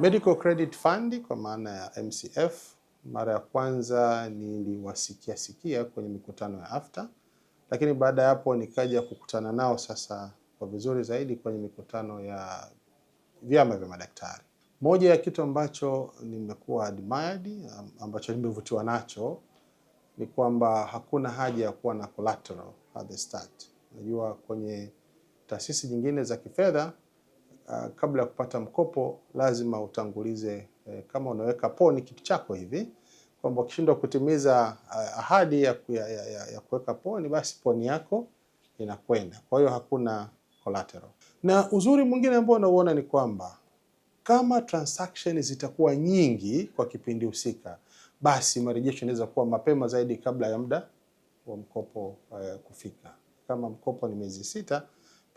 Medical Credit Fund kwa maana ya MCF, mara ya kwanza niliwasikia sikia kwenye mikutano ya AFTA, lakini baada ya hapo nikaja kukutana nao sasa kwa vizuri zaidi kwenye mikutano ya vyama vya madaktari. Moja ya kitu ambacho nimekuwa admired, ambacho nimevutiwa nacho ni kwamba hakuna haja ya kuwa na collateral at the start. Unajua kwenye taasisi nyingine za kifedha uh, kabla ya kupata mkopo lazima utangulize uh, kama unaweka poni kitu chako hivi kwamba ukishindwa kutimiza uh, ahadi ya, ya, ya, ya kuweka poni, basi poni yako inakwenda. Kwa hiyo hakuna collateral. Na uzuri mwingine ambao unauona ni kwamba kama transaction zitakuwa nyingi kwa kipindi husika, basi marejesho inaweza kuwa mapema zaidi kabla ya muda wa mkopo uh, kufika. Kama mkopo ni miezi sita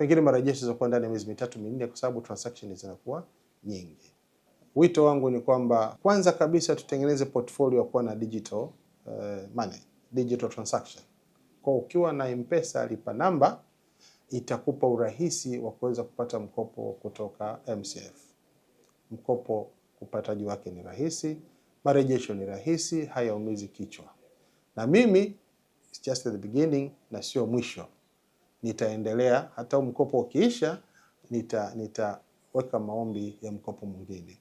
pengine marejesho zitakuwa ndani ya miezi mitatu minne, kwa sababu transactions zinakuwa nyingi. Wito wangu ni kwamba kwanza kabisa tutengeneze portfolio ya kuwa na digital uh, money, digital transaction. Kwa ukiwa na M-Pesa lipa namba itakupa urahisi wa kuweza kupata mkopo kutoka MCF. Mkopo upataji wake ni rahisi, marejesho ni rahisi, hayaumizi kichwa. Na mimi it's just at the beginning na sio mwisho nitaendelea hata mkopo ukiisha, nitaweka nita maombi ya mkopo mwingine.